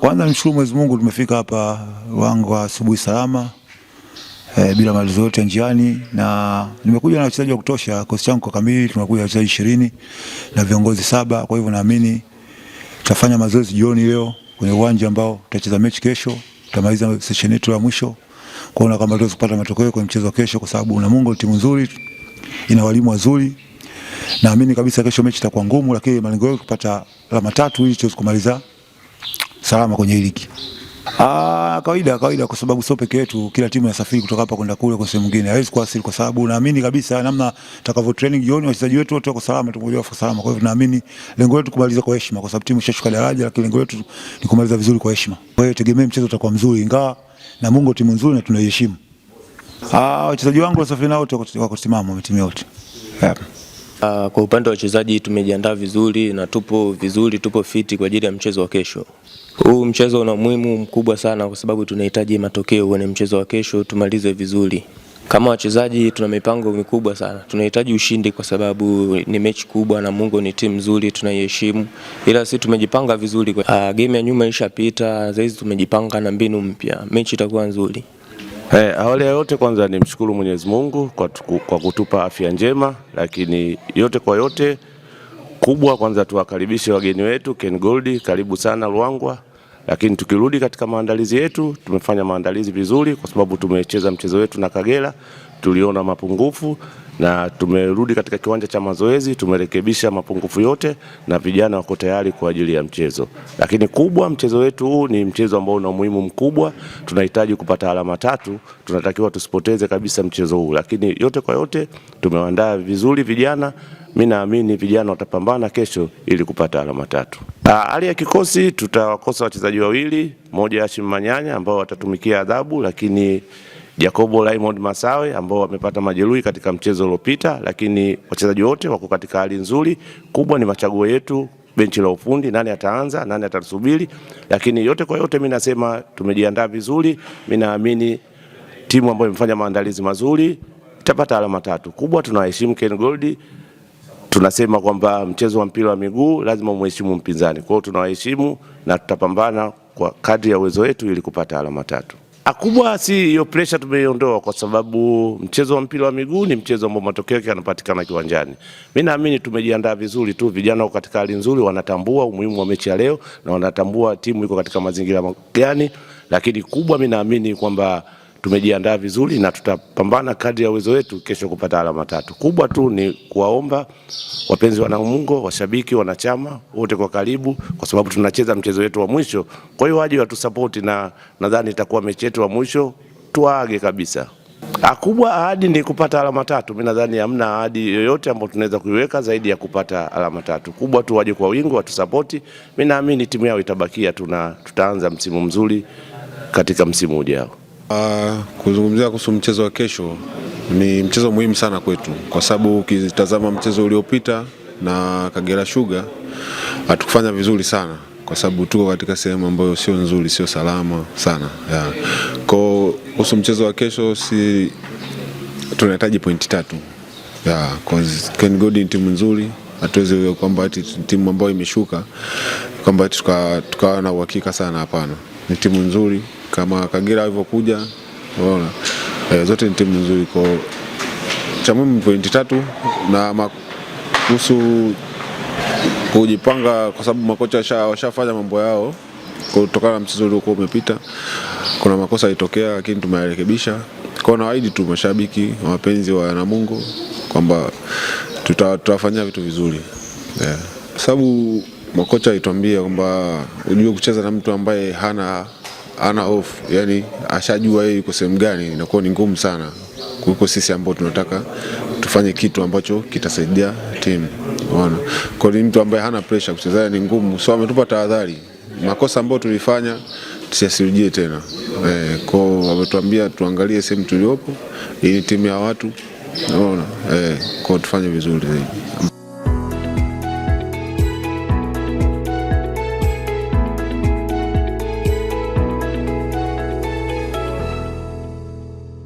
Kwanza nishukuru Mwenyezi Mungu tumefika hapa Ruangwa asubuhi salama e, bila matatizo yote njiani, na nimekuja na wachezaji wa kutosha. Kikosi changu kwa kamili, tunakuja wachezaji ishirini na viongozi saba. Kwa hivyo naamini tutafanya mazoezi jioni leo kwenye uwanja ambao tutacheza mechi kesho, tutamaliza session yetu ya mwisho kuona kama tutaweza kupata matokeo kwenye mchezo kesho, kwa sababu na Mungu timu nzuri, ina walimu wazuri. Naamini kabisa kesho mechi itakuwa ngumu, lakini malengo yetu kupata alama tatu ili tuweze kumaliza salama kwenye ligi? Ah, kawaida kawaida, kwa sababu sio peke yetu, kila timu inasafiri kutoka hapa kwenda kule kwa sehemu nyingine. Haiwezi kuwa siri, kwa sababu naamini kabisa namna takavyo training jioni, wachezaji wetu wote wako salama, tumoja wako salama. Kwa hivyo naamini lengo letu kumaliza kwa heshima, kwa sababu timu ishashuka daraja, lakini lengo letu ni kumaliza vizuri kwa heshima. Kwa hiyo tegemee mchezo utakuwa mzuri, ingawa na Mungu timu nzuri na tunaiheshimu. Ah, wachezaji wangu wasafiri nao wote wako timamu, wametimia wote. Yeah. Uh, kwa upande wa wachezaji tumejiandaa vizuri na tupo vizuri, tupo fiti kwa ajili ya mchezo wa kesho. Huu mchezo una umuhimu mkubwa sana kwa sababu tunahitaji matokeo kwenye mchezo wa kesho, tumalize vizuri. Kama wachezaji tuna mipango mikubwa sana, tunahitaji ushindi kwa sababu ni mechi kubwa, na Mungu ni timu nzuri tunaiheshimu, ila sisi tumejipanga vizuri. Uh, game ya nyuma ishapita, zaizi tumejipanga na mbinu mpya, mechi itakuwa nzuri. Hey, eh, awali ya yote kwanza ni mshukuru Mwenyezi Mungu kwa, kwa kutupa afya njema, lakini yote kwa yote kubwa kwanza tuwakaribishe wageni wetu Ken Gold, karibu sana Luangwa. Lakini tukirudi katika maandalizi yetu, tumefanya maandalizi vizuri kwa sababu tumecheza mchezo wetu na Kagera, tuliona mapungufu na tumerudi katika kiwanja cha mazoezi, tumerekebisha mapungufu yote na vijana wako tayari kwa ajili ya mchezo. Lakini kubwa, mchezo wetu huu ni mchezo ambao una umuhimu mkubwa, tunahitaji kupata alama tatu, tunatakiwa tusipoteze kabisa mchezo huu. Lakini yote kwa yote tumewaandaa vizuri vijana, mi naamini vijana watapambana kesho ili kupata alama tatu. Ah, hali ya kikosi, tutawakosa wachezaji wawili, moja Hashim Manyanya ambao watatumikia adhabu, lakini Jacobo Raymond Masawe ambao wamepata majeruhi katika mchezo uliopita, lakini wachezaji wote wako katika hali nzuri. Kubwa ni machaguo yetu benchi la ufundi, nani ataanza, nani atasubiri, lakini yote kwa yote, mimi nasema tumejiandaa vizuri. Mimi naamini timu ambayo imefanya maandalizi mazuri itapata alama tatu. Kubwa tunaheshimu Ken Gold, tunasema kwamba mchezo wa mpira wa miguu lazima umheshimu mpinzani. Kwa hiyo tunawaheshimu na tutapambana kwa kadri ya uwezo wetu ili kupata alama tatu. Akubwa ah, si hiyo pressure tumeiondoa, kwa sababu mchezo wa mpira wa miguu ni mchezo ambao matokeo yake yanapatikana kiwanjani. Mimi naamini tumejiandaa vizuri tu, vijana wako katika hali nzuri, wanatambua umuhimu wa mechi ya leo na wanatambua timu iko katika mazingira gani, lakini kubwa mimi naamini kwamba tumejiandaa vizuri na tutapambana kadri ya uwezo wetu kesho kupata alama tatu. Kubwa tu ni kuwaomba wapenzi wa Namungo, washabiki, wanachama wote kwa karibu, kwa sababu tunacheza mchezo wetu wa mwisho. Kwa hiyo waje watusapoti, na nadhani itakuwa mechi yetu wa mwisho, tuage kabisa. Akubwa ah, ahadi ni kupata alama tatu. Mimi nadhani hamna ahadi yoyote ambayo tunaweza kuiweka zaidi ya kupata alama tatu. Kubwa tu waje kwa wingi watusapoti. Mimi naamini timu yao itabakia tu na tutaanza msimu mzuri katika msimu ujao. Uh, kuzungumzia kuhusu mchezo wa kesho ni mchezo muhimu sana kwetu kwa sababu ukitazama mchezo uliopita na Kagera Sugar hatukufanya vizuri sana kwa sababu tuko katika sehemu ambayo sio nzuri, sio salama sana yeah. Kwa kuhusu mchezo wa kesho, si tunahitaji pointi tatu yeah, Ken Gold ni timu nzuri, hatuwezi kwamba timu ambayo imeshuka kwamba tukawa tuka na uhakika sana, hapana. Ni timu nzuri kama Kagera alivyokuja, unaona e, zote ni timu nzuri kwa cha muhimu pointi tatu na kuhusu kujipanga, kwa sababu makocha washafanya mambo yao kutokana na mchezo uliokuwa umepita. Kuna makosa yalitokea, lakini tumeyarekebisha. Kwa nawaahidi tu mashabiki wapenzi wa Namungo kwamba tutawafanyia vitu vizuri yeah. Sababu makocha alitwambia kwamba ujue kucheza na mtu ambaye hana ana hofu, yani ashajua yeye yuko sehemu gani, inakuwa ni ngumu sana kuliko sisi ambao tunataka tufanye kitu ambacho kitasaidia timu. Unaona, kwa ni mtu ambaye hana pressure, kuchezea ni ngumu, so ametupa tahadhari, makosa ambayo tulifanya tusiasirujie tena. Eh, kwa ametuambia tuangalie sehemu tuliopo, hii ni timu ya watu, unaona eh, kwa tufanye vizuri zaidi.